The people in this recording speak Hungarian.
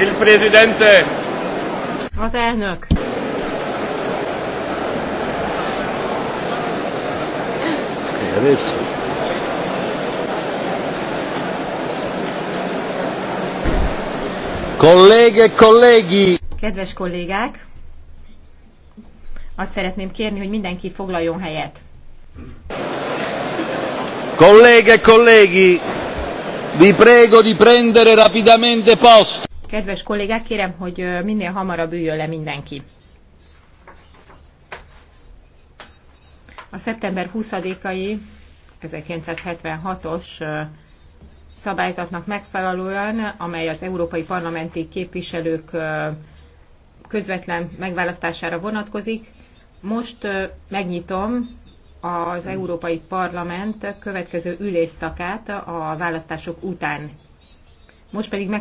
Il Presidente. Az elnök. E Kollége, kollégi! Kedves kollégák! Azt szeretném kérni, hogy mindenki foglaljon helyet. Kollége, kollégi! Vi prego di prendere rapidamente posto. Kedves kollégák, kérem, hogy minél hamarabb üljön le mindenki. A szeptember 20-ai 1976-os szabályzatnak megfelelően, amely az európai parlamenti képviselők közvetlen megválasztására vonatkozik, most megnyitom az Európai Parlament következő ülésszakát a választások után. Most pedig meg